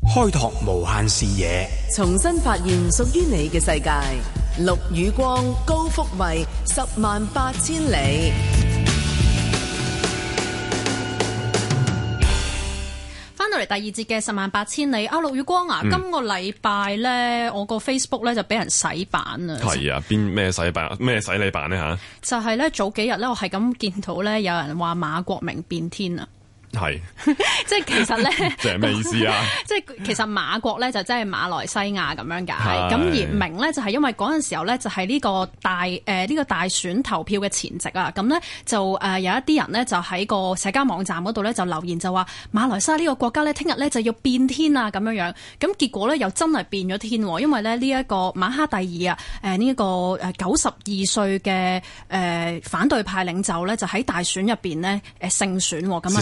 開拓無限視野，重新發現屬於你嘅世界。陸宇光，高福慧，十萬八千里。翻到嚟第二節嘅十萬八千里啊，陸宇光啊，嗯、今個禮拜咧，我個 Facebook 咧就俾人洗版啊。係啊，邊咩洗版？咩洗你版呢？吓？就係咧，早幾日咧，我係咁見到咧，有人話馬國明變天啊。係，即係是 其實咧呢，即係咩意思啊？即係其實馬國咧就真係馬來西亞咁樣噶，咁是的 嚴明咧就係因為嗰陣時候咧就係呢個大誒呢、這個大選投票嘅前夕啊，咁咧就誒有一啲人咧就喺個社交網站嗰度咧就留言就話馬來西亞呢個國家咧聽日咧就要變天啊咁樣樣，咁結果咧又真係變咗天，因為咧呢一個馬哈蒂爾啊，誒、這、呢個誒九十二歲嘅誒反對派領袖咧就喺大選入邊咧誒勝選咁啊。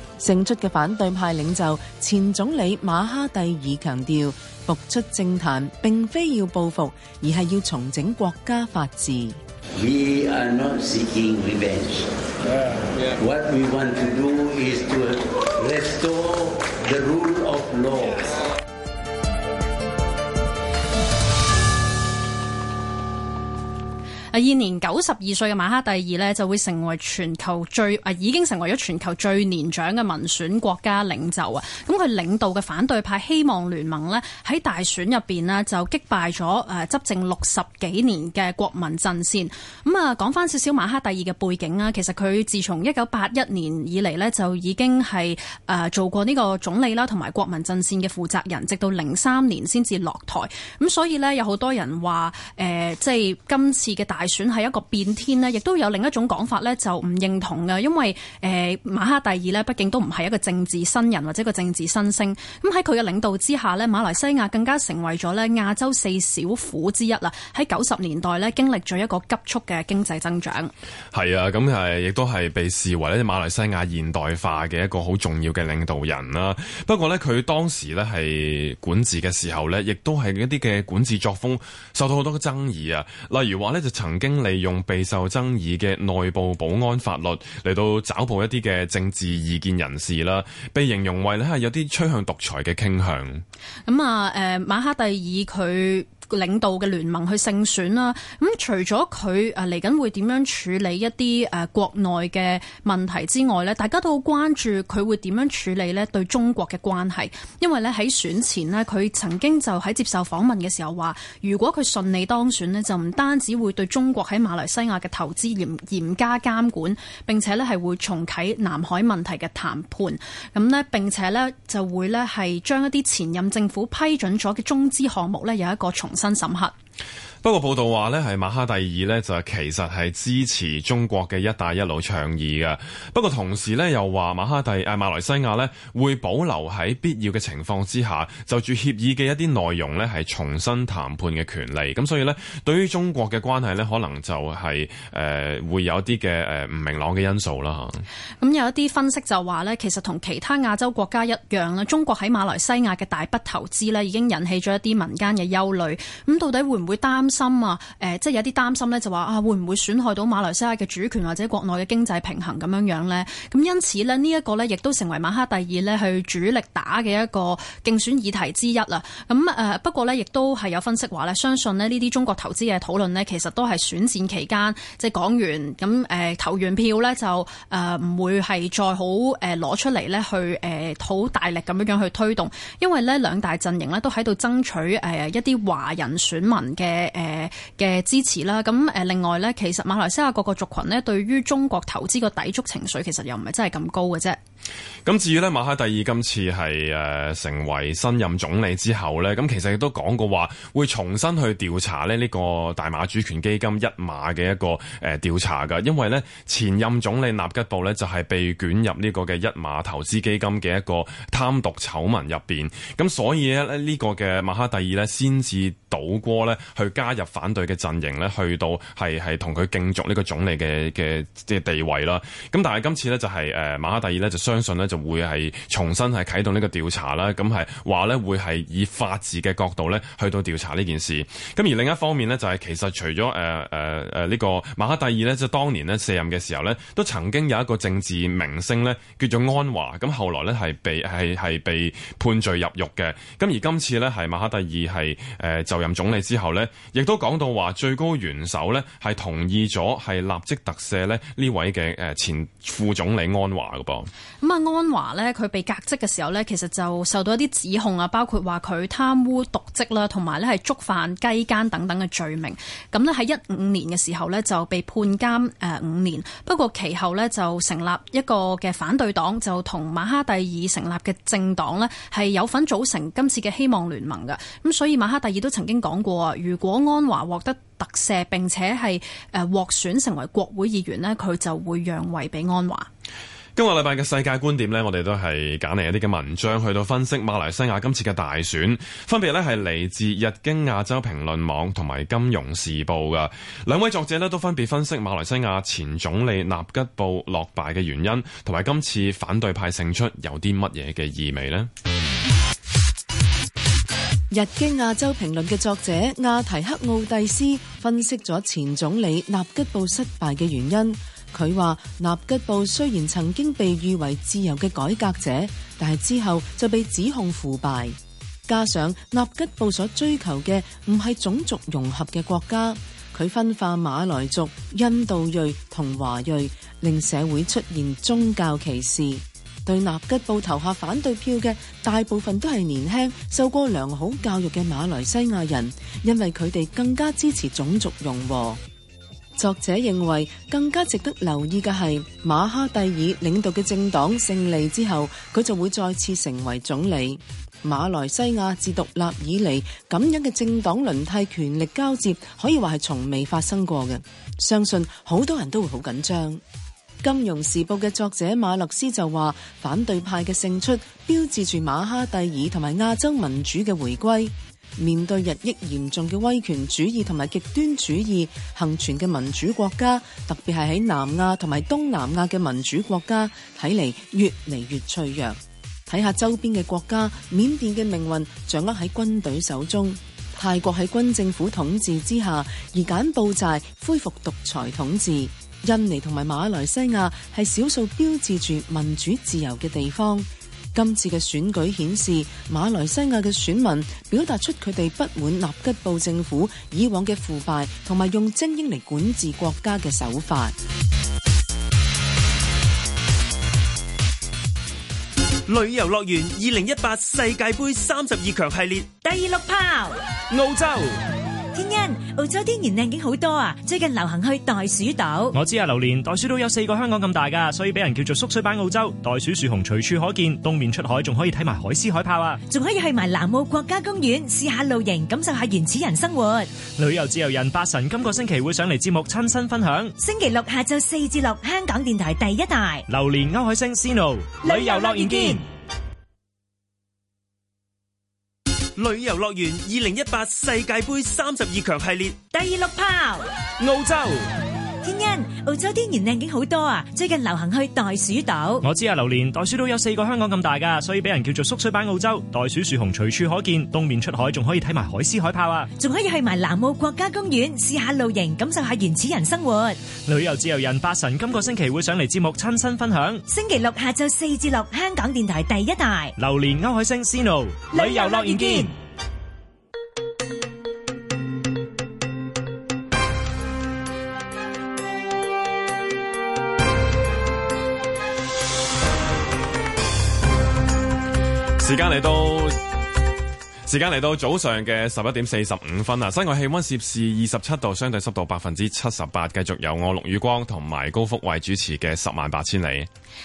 勝出嘅反對派領袖前總理馬哈蒂爾強調，復出政壇並非要報復，而係要重整國家法治。啊！現年九十二歲嘅馬哈蒂爾呢就會成為全球最啊，已經成為咗全球最年長嘅民選國家領袖啊！咁佢領導嘅反對派希望聯盟呢喺大選入邊呢就擊敗咗誒執政六十幾年嘅國民陣線。咁、嗯、啊，講翻少少馬哈蒂爾嘅背景啊，其實佢自從一九八一年以嚟呢就已經係誒、呃、做過呢個總理啦，同埋國民陣線嘅負責人，直到零三年先至落台。咁、嗯、所以呢，有好多人話誒、呃，即係今次嘅大。大選係一個變天呢，亦都有另一種講法呢就唔認同嘅，因為誒、欸、馬哈第二呢，畢竟都唔係一個政治新人或者個政治新星，咁喺佢嘅領導之下呢，馬來西亞更加成為咗呢亞洲四小虎之一啦。喺九十年代呢，經歷咗一個急速嘅經濟增長，係啊，咁係亦都係被視為呢馬來西亞現代化嘅一個好重要嘅領導人啦。不過呢，佢當時呢係管治嘅時候呢，亦都係一啲嘅管治作風受到好多嘅爭議啊，例如話呢，就曾。曾經利用備受爭議嘅內部保安法律嚟到抓捕一啲嘅政治異見人士啦，被形容為咧係有啲趨向獨裁嘅傾向。咁啊，誒，馬哈蒂爾佢。領導嘅聯盟去勝選啦。咁除咗佢誒嚟緊會點樣處理一啲誒國內嘅問題之外呢，大家都好關注佢會點樣處理呢對中國嘅關係。因為呢喺選前呢，佢曾經就喺接受訪問嘅時候話，如果佢順利當選呢，就唔單止會對中國喺馬來西亞嘅投資嚴嚴加監管，並且呢係會重啟南海問題嘅談判。咁呢，並且呢，就會呢係將一啲前任政府批准咗嘅中資項目呢，有一個重。新審核。不過報道話呢係馬哈蒂爾呢就其實係支持中國嘅一帶一路倡議嘅。不過同時呢，又話馬哈蒂誒馬來西亞呢會保留喺必要嘅情況之下就住協議嘅一啲內容呢係重新談判嘅權利。咁所以呢，對於中國嘅關係呢，可能就係、是、誒、呃、會有啲嘅誒唔明朗嘅因素啦。咁、嗯、有一啲分析就話呢，其實同其他亞洲國家一樣啦，中國喺馬來西亞嘅大筆投資呢已經引起咗一啲民間嘅憂慮。咁到底會唔會擔？心啊，誒，即係有啲擔心呢，就話啊，會唔會損害到馬來西亞嘅主權或者國內嘅經濟平衡咁樣樣呢？咁因此呢，呢一個呢，亦都成為馬哈蒂爾咧去主力打嘅一個競選議題之一啦。咁誒，不過呢，亦都係有分析話呢，相信咧呢啲中國投資嘅討論呢，其實都係選戰期間即係講完咁，誒投完票呢，就誒唔會係再好誒攞出嚟呢，去誒好大力咁樣樣去推動，因為呢兩大陣營呢，都喺度爭取誒一啲華人選民嘅誒嘅支持啦，咁，誒，另外咧，其實馬來西亞各個族群呢，對於中國投資個抵觸情緒，其實又唔係真係咁高嘅啫。咁至於咧，馬哈蒂爾今次係誒、呃、成為新任總理之後咧，咁其實亦都講過話會重新去調查呢呢、這個大馬主權基金一馬嘅一個誒調、呃、查噶，因為咧前任總理納吉布咧就係、是、被捲入呢個嘅一馬投資基金嘅一個貪瀆醜聞入邊，咁所以咧呢、這個嘅馬哈蒂爾呢先至倒戈咧去加入反對嘅陣營呢去到係係同佢競逐呢個總理嘅嘅地位啦。咁但係今次呢，就係、是、誒、呃、馬哈蒂爾呢，就相。相信呢就會係重新係啟動呢個調查啦。咁係話呢，會係以法治嘅角度呢去到調查呢件事。咁而另一方面呢、就是，就係其實除咗誒誒誒呢個馬哈蒂爾呢，即、就、係、是、當年呢卸任嘅時候呢，都曾經有一個政治明星呢叫做安華。咁後來呢，係被係係被判罪入獄嘅。咁而今次呢，係馬哈蒂爾係誒就任總理之後呢，亦都講到話最高元首呢，係同意咗係立即特赦咧呢位嘅誒前副總理安華嘅噃。咁啊，安華呢，佢被革職嘅時候呢，其實就受到一啲指控啊，包括話佢貪污瀆職啦，同埋呢係觸犯雞姦等等嘅罪名。咁呢喺一五年嘅時候呢，就被判監誒五年。不過其後呢就成立一個嘅反對黨，就同馬哈蒂爾成立嘅政黨呢係有份組成今次嘅希望聯盟嘅。咁所以馬哈蒂爾都曾經講過啊，如果安華獲得特赦並且係誒獲選成為國會議員呢，佢就會讓位俾安華。今個禮拜嘅世界觀點呢，我哋都係揀嚟一啲嘅文章去到分析馬來西亞今次嘅大選，分別咧係嚟自《日經亞洲評論網》同埋《金融時報》嘅兩位作者都分別分析馬來西亞前總理納吉布落敗嘅原因，同埋今次反對派勝出有啲乜嘢嘅意味呢？《日經亞洲評論》嘅作者亞提克奧蒂斯分析咗前總理納吉布失敗嘅原因。佢話納吉布雖然曾經被譽為自由嘅改革者，但係之後就被指控腐敗。加上納吉布所追求嘅唔係種族融合嘅國家，佢分化馬來族、印度裔同華裔，令社會出現宗教歧視。對納吉布投下反對票嘅大部分都係年輕、受過良好教育嘅馬來西亞人，因為佢哋更加支持種族融合。作者認為更加值得留意嘅係馬哈蒂爾領導嘅政黨勝利之後，佢就會再次成為總理。馬來西亞自獨立以嚟咁樣嘅政黨輪替、權力交接，可以話係從未發生過嘅。相信好多人都會好緊張。《金融時報》嘅作者馬勒斯就話，反對派嘅勝出，標誌住馬哈蒂爾同埋亞洲民主嘅回歸。面對日益嚴重嘅威權主義同埋極端主義，幸存嘅民主國家，特別係喺南亞同埋東南亞嘅民主國家，睇嚟越嚟越脆弱。睇下周邊嘅國家，緬甸嘅命運掌握喺軍隊手中；泰國喺軍政府統治之下，而柬埔寨恢復獨裁統治。印尼同埋馬來西亞係少數標誌住民主自由嘅地方。今次嘅選舉顯示，馬來西亞嘅選民表達出佢哋不滿納吉布政府以往嘅腐敗，同埋用精英嚟管治國家嘅手法。旅遊樂園二零一八世界盃三十二強系列第六炮，澳洲。天恩，澳洲天然靚景好多啊！最近流行去袋鼠島，我知啊！榴蓮袋鼠島有四個香港咁大噶，所以俾人叫做縮水版澳洲。袋鼠樹熊隨處可見，東面出海仲可以睇埋海獅海豹啊！仲可以去埋南澳國家公園試下露營，感受下原始人生活。旅遊自由人八神今個星期會上嚟節目，親身分享。星期六下晝四至六，香港電台第一台，榴蓮歐海星，CNO 旅遊樂園見。旅遊樂園二零一八世界杯三十二強系列，第六炮，澳洲。天恩，澳洲天然靚景好多啊！最近流行去袋鼠島，我知啊！榴蓮袋鼠島有四個香港咁大㗎，所以俾人叫做縮水版澳洲。袋鼠樹熊隨處可見，東面出海仲可以睇埋海獅海豹啊！仲可以去埋南澳國家公園試下露營，感受下原始人生活。旅遊自由人八神今個星期會上嚟節目，親身分享。星期六下晝四至六，香港電台第一台。榴蓮歐海星 CNO 旅遊樂園見。時間嚟到，時間嚟到早上嘅十一點四十五分啦。室外氣溫攝氏二十七度，相對濕度百分之七十八。繼續由我陸宇光同埋高福慧主持嘅《十萬八千里》。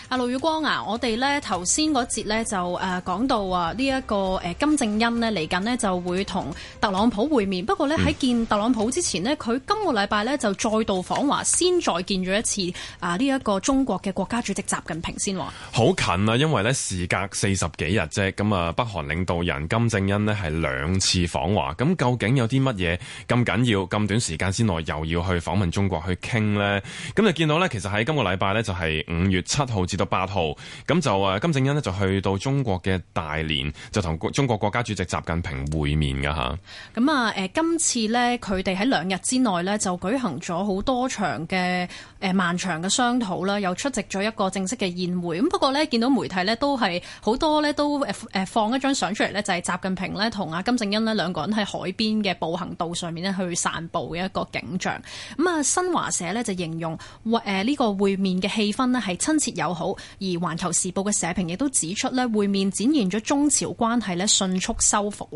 阿盧宇光啊，我哋咧頭先嗰節咧就誒講到啊，呢一個誒金正恩呢嚟緊呢就會同特朗普會面，不過咧喺、嗯、見特朗普之前呢，佢今個禮拜咧就再度訪華，先再見咗一次啊呢一、這個中國嘅國家主席習近平先話、哦、好近啊，因為呢事隔四十幾日啫，咁啊北韓領導人金正恩呢係兩次訪華，咁究竟有啲乜嘢咁緊要咁短時間之內又要去訪問中國去傾呢？咁就見到呢，其實喺今個禮拜呢，就係、是、五月七號。號至到八號，咁就金正恩就去到中國嘅大連，就同中國國家主席習近平會面㗎。吓，咁啊今次呢，佢哋喺兩日之內呢，就舉行咗好多場嘅漫長嘅商討啦，又出席咗一個正式嘅宴會。咁不過呢，見到媒體呢，都係好多呢，都放一張相出嚟呢，就係習近平呢，同阿金正恩呢，兩個人喺海邊嘅步行道上面呢，去散步嘅一個景象。咁啊，新華社呢，就形容呢個會面嘅氣氛呢，係親切有友好，而環球時報嘅社評亦都指出咧，會面展現咗中朝關係咧迅速修復。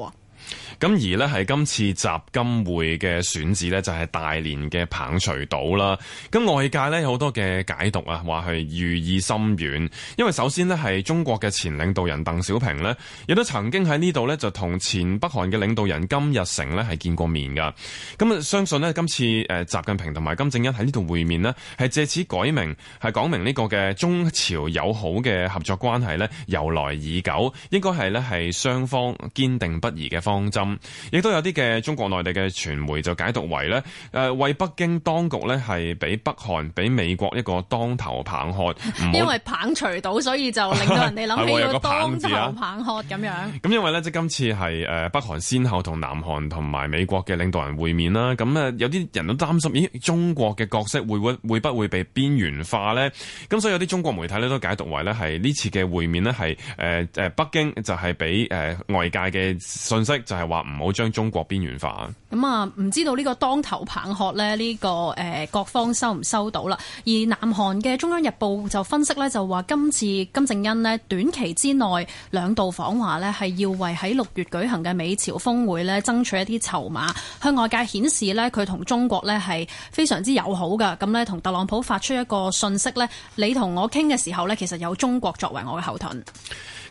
咁而呢係今次習金會嘅選址呢就係大連嘅棒槌島啦。咁外界呢好多嘅解讀啊，話係寓意深遠。因為首先呢係中國嘅前領導人鄧小平呢亦都曾經喺呢度呢就同前北韓嘅領導人金日成呢係見過面噶。咁啊，相信呢今次誒習近平同埋金正恩喺呢度會面呢係藉此改名，係講明呢個嘅中朝友好嘅合作關係呢由來已久，應該係呢係雙方堅定不移嘅方針。亦都、嗯、有啲嘅中國內地嘅傳媒就解讀為呢，誒、呃、為北京當局呢係俾北韓俾美國一個當頭棒喝，因為棒除到，所以就令到人哋諗起要當頭棒喝咁樣。咁 因為呢，即係今次係誒北韓先後同南韓同埋美國嘅領導人會面啦，咁咧有啲人都擔心，咦中國嘅角色會會會不會被邊緣化呢？咁所以有啲中國媒體呢都解讀為呢，係呢次嘅會面呢係誒誒北京就係俾誒外界嘅信息就係話。唔好將中國邊緣化。咁啊，唔知道呢個當頭棒喝呢、呢個誒、呃、各方收唔收到啦。而南韓嘅中央日報就分析呢就話今次金正恩呢短期之內兩度訪華呢係要為喺六月舉行嘅美朝峰會呢爭取一啲籌碼，向外界顯示呢佢同中國呢係非常之友好噶。咁呢，同特朗普發出一個信息呢，你同我傾嘅時候呢，其實有中國作為我嘅後盾。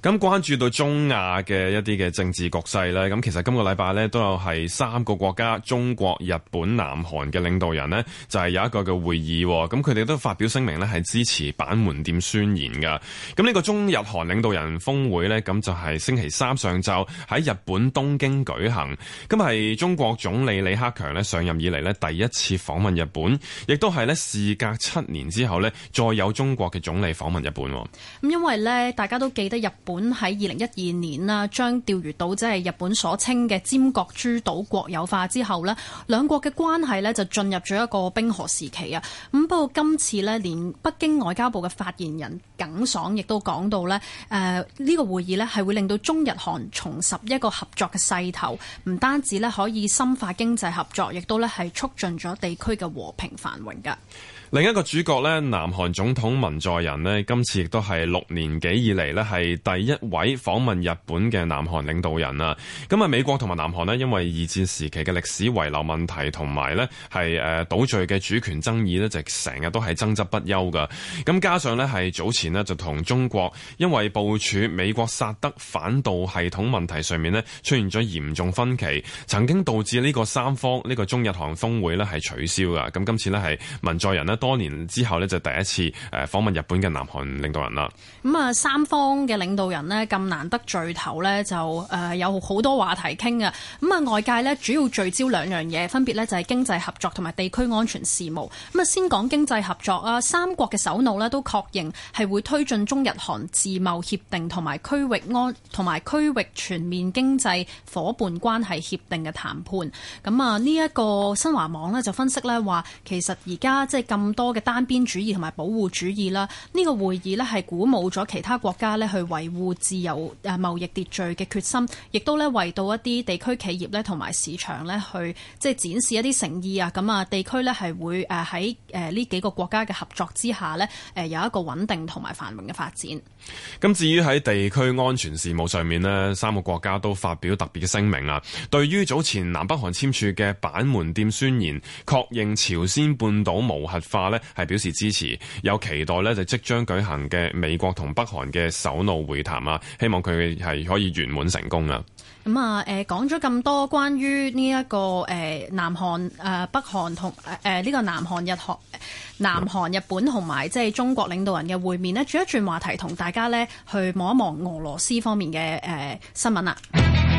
咁關注到中亞嘅一啲嘅政治局勢呢，咁其實今個禮拜呢都有係三個國家中國、日本、南韓嘅領導人呢，就係有一個嘅會議，咁佢哋都發表聲明呢，係支持板門店宣言㗎。咁呢個中日韓領導人峰會呢，咁就係星期三上晝喺日本東京舉行。咁係係中國總理李克強呢上任以嚟呢，第一次訪問日本，亦都係呢事隔七年之後呢，再有中國嘅總理訪問日本。咁因為呢，大家都記得日。日本喺二零一二年啦，將釣魚島即係日本所稱嘅尖閣諸島國有化之後呢，兩國嘅關係呢就進入咗一個冰河時期啊！咁不過今次呢，連北京外交部嘅發言人耿爽亦都講到呢，誒、呃、呢、呢個會議呢係會令到中日韓重拾一個合作嘅勢頭，唔單止呢可以深化經濟合作，亦都呢係促進咗地區嘅和平繁榮㗎。另一個主角呢，南韓總統文在寅呢，今次亦都係六年幾以嚟呢，係第一位訪問日本嘅南韓領導人啊。咁啊，美國同埋南韓呢，因為二戰時期嘅歷史遺留問題同埋呢係誒島嶼嘅主權爭議呢就成日都係爭執不休噶。咁加上呢，係早前呢，就同中國因為部署美國薩德反導系統問題上面呢，出現咗嚴重分歧，曾經導致呢個三方呢，呢個中日韓峰會呢，係取消噶。咁今次呢，係文在寅，呢多年之後呢，就第一次誒訪問日本嘅南韓領導人啦。咁啊、嗯，三方嘅領導人呢，咁難得聚頭呢，就誒、呃、有好多話題傾嘅。咁、嗯、啊，外界呢，主要聚焦兩樣嘢，分別呢就係、是、經濟合作同埋地區安全事務。咁、嗯、啊，先講經濟合作啊，三國嘅首腦呢都確認係會推進中日韓自貿協定同埋區域安同埋區域全面經濟伙伴關係協定嘅談判。咁、嗯、啊，呢、這、一個新華網呢，就分析呢話，其實而家即係咁。多嘅單邊主義同埋保護主義啦，呢個會議呢，係鼓舞咗其他國家呢去維護自由誒貿易秩序嘅決心，亦都呢為到一啲地區企業呢同埋市場呢去即係展示一啲誠意啊！咁啊，地區呢，係會誒喺誒呢幾個國家嘅合作之下呢，誒有一個穩定同埋繁榮嘅發展。咁至於喺地區安全事務上面呢，三個國家都發表特別嘅聲明啊。對於早前南北韓簽署嘅板門店宣言，確認朝鮮半島無核化。話咧，係表示支持，有期待咧，就即將舉行嘅美國同北韓嘅首腦會談啊，希望佢係可以圓滿成功啊。咁啊，誒講咗咁多關於呢一個誒南韓誒北韓同誒呢個南韓日韓南韓日本同埋即係中國領導人嘅會面呢，轉一轉話題，同大家咧去望一望俄羅斯方面嘅誒新聞啊。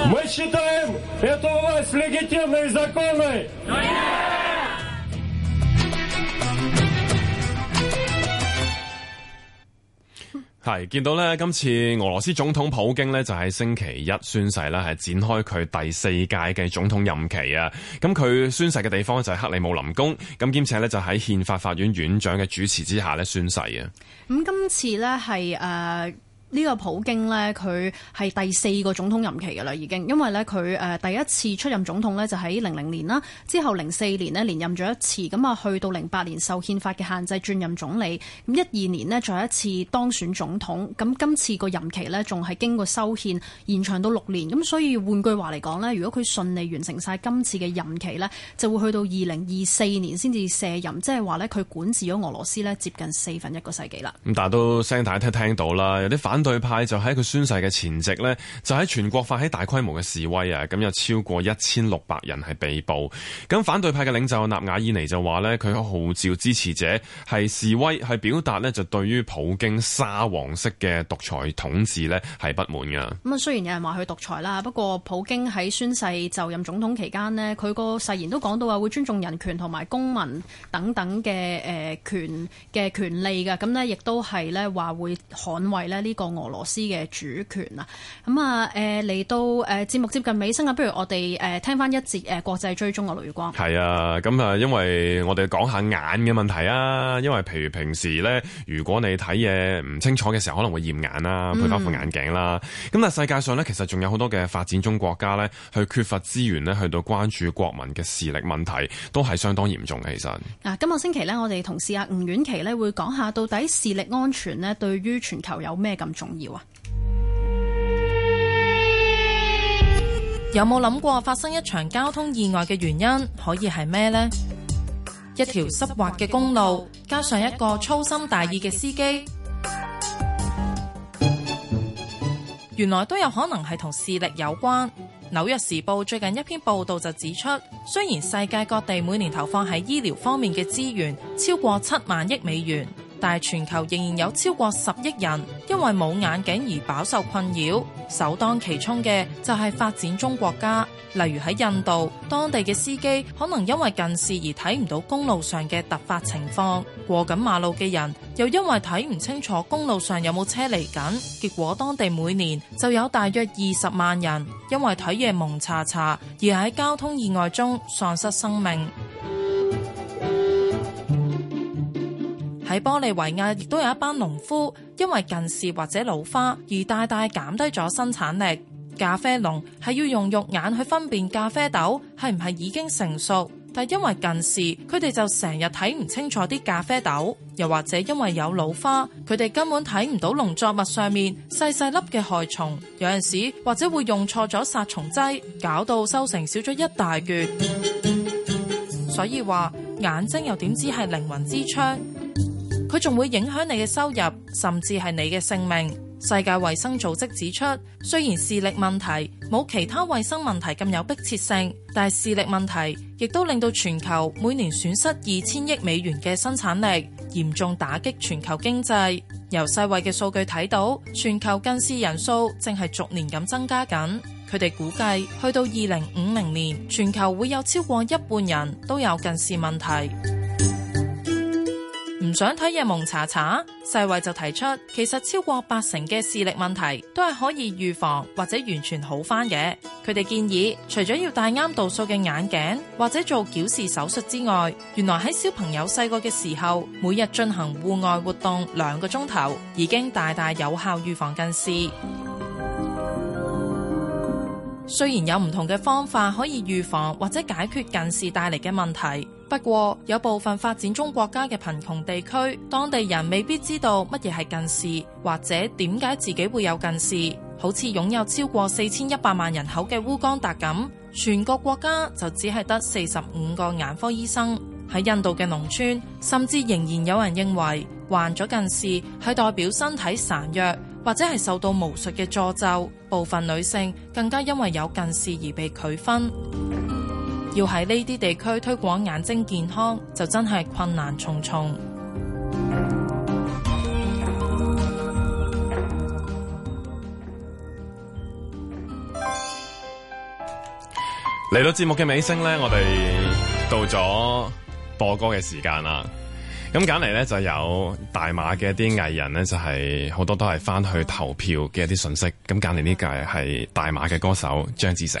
我係見到呢，今次俄羅斯總統普京呢，就喺星期一宣誓啦，係展開佢第四屆嘅總統任期啊。咁佢宣誓嘅地方呢就係克里姆林宮。咁兼且呢，就喺憲法法院院長嘅主持之下呢，宣誓啊。咁今次呢，係、呃、誒。呢個普京呢，佢係第四個總統任期㗎啦，已經，因為呢，佢誒第一次出任總統呢，就喺零零年啦，之後零四年呢連任咗一次，咁啊去到零八年受憲法嘅限制轉任總理，咁一二年呢，再一次當選總統，咁今次個任期呢，仲係經過修憲延長到六年，咁所以換句話嚟講呢，如果佢順利完成晒今次嘅任期呢，就會去到二零二四年先至卸任，即係話呢，佢管治咗俄羅斯呢接近四分一個世紀啦。咁但係都聲大聽聽到啦，有啲反。反對派就喺佢宣誓嘅前夕呢，就喺全國發起大規模嘅示威啊！咁有超過一千六百人係被捕。咁反對派嘅領袖納瓦爾尼就話呢，佢號召支持者係示威，係表達呢就對於普京沙皇式嘅獨裁統治呢係不滿㗎。咁啊，雖然有人話佢獨裁啦，不過普京喺宣誓就任總統期間呢，佢個誓言都講到話會尊重人權同埋公民等等嘅誒權嘅權利嘅。咁咧，亦都係呢話會捍衛咧呢個。俄羅斯嘅主權啊，咁啊，誒、呃、嚟到誒節、呃、目接近尾聲啊，不如我哋誒、呃、聽翻一節誒、呃、國際追蹤嘅雷光。係啊，咁、嗯、啊，因為我哋講下眼嘅問題啊，因為譬如平時咧，如果你睇嘢唔清楚嘅時候，可能會驗眼啦，配翻副眼鏡啦。咁但係世界上咧，其實仲有好多嘅發展中國家咧，去缺乏資源咧，去到關注國民嘅視力問題，都係相當嚴重嘅。其實啊，今個星期咧，我哋同事啊吳婉琪咧，會講下到底視力安全呢對於全球有咩咁重要啊！有冇諗過發生一場交通意外嘅原因可以係咩呢？一條濕滑嘅公路加上一個粗心大意嘅司機，原來都有可能係同視力有關。紐約時報最近一篇報道就指出，雖然世界各地每年投放喺醫療方面嘅資源超過七萬億美元，但係全球仍然有超過十億人因為冇眼鏡而飽受困擾，首當其衝嘅就係發展中國家，例如喺印度，當地嘅司機可能因為近視而睇唔到公路上嘅突發情況，過緊馬路嘅人又因為睇唔清楚公路上有冇車嚟緊，結果當地每年就有大約二十萬人因為睇嘢蒙查查而喺交通意外中喪失生命。喺玻利維亞，亦都有一班農夫因為近視或者老花而大大減低咗生產力。咖啡農係要用肉眼去分辨咖啡豆係唔係已經成熟，但因為近視，佢哋就成日睇唔清楚啲咖啡豆，又或者因為有老花，佢哋根本睇唔到農作物上面細細粒嘅害蟲。有陣時或者會用錯咗殺蟲劑，搞到收成少咗一大橛。所以話，眼睛又點知係靈魂之窗？佢仲會影響你嘅收入，甚至係你嘅性命。世界衛生組織指出，雖然視力問題冇其他衛生問題咁有迫切性，但係視力問題亦都令到全球每年損失二千億美元嘅生產力，嚴重打擊全球經濟。由世衛嘅數據睇到，全球近視人數正係逐年咁增加緊。佢哋估計，去到二零五零年，全球會有超過一半人都有近視問題。唔想睇嘢蒙查查，世衛就提出，其實超過八成嘅視力問題都係可以預防或者完全好翻嘅。佢哋建議，除咗要戴啱度數嘅眼鏡或者做矯視手術之外，原來喺小朋友細個嘅時候，每日進行戶外活動兩個鐘頭，已經大大有效預防近視。雖然有唔同嘅方法可以預防或者解決近視帶嚟嘅問題。不過，有部分發展中國家嘅貧窮地區，當地人未必知道乜嘢係近視，或者點解自己會有近視。好似擁有超過四千一百萬人口嘅烏干達咁，全國國家就只係得四十五個眼科醫生。喺印度嘅農村，甚至仍然有人認為患咗近視係代表身體孱弱，或者係受到巫術嘅詛咒。部分女性更加因為有近視而被拒婚。要喺呢啲地區推廣眼睛健康，就真係困難重重。嚟到節目嘅尾聲呢，我哋到咗播歌嘅時間啦。咁揀嚟呢就有大馬嘅一啲藝人呢，就係、是、好多都係翻去投票嘅一啲信息。咁揀嚟呢個係大馬嘅歌手張智成。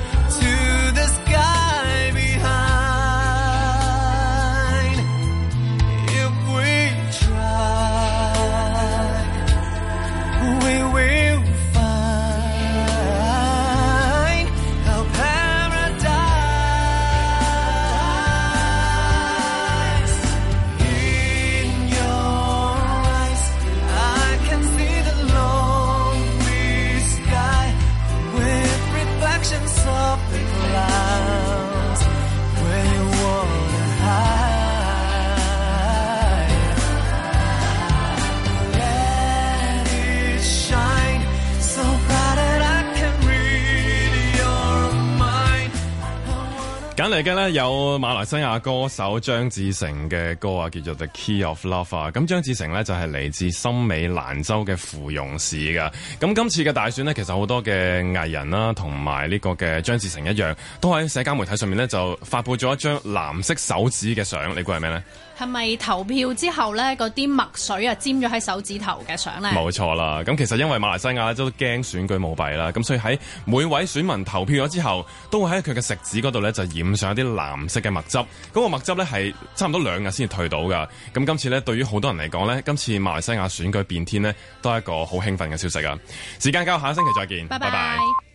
嚟嘅咧，有馬來西亞歌手張智成嘅歌啊，叫做 The Key of Love。咁張智成呢，就係嚟自森美蘭州嘅芙蓉市噶。咁今次嘅大選呢，其實好多嘅藝人啦，同埋呢個嘅張智成一樣，都喺社交媒體上面呢，就發佈咗一張藍色手指嘅相。你估係咩呢？係咪投票之後呢，嗰啲墨水啊，沾咗喺手指頭嘅相呢？冇錯啦，咁其實因為馬來西亞都驚選舉舞弊啦，咁所以喺每位選民投票咗之後，都會喺佢嘅食指嗰度呢，就染上一啲藍色嘅墨汁。嗰個墨汁呢，係差唔多兩日先至退到㗎。咁今次呢，對於好多人嚟講呢，今次馬來西亞選舉變天呢，都係一個好興奮嘅消息啊！時間交，下一星期再見，拜拜 bye。Bye bye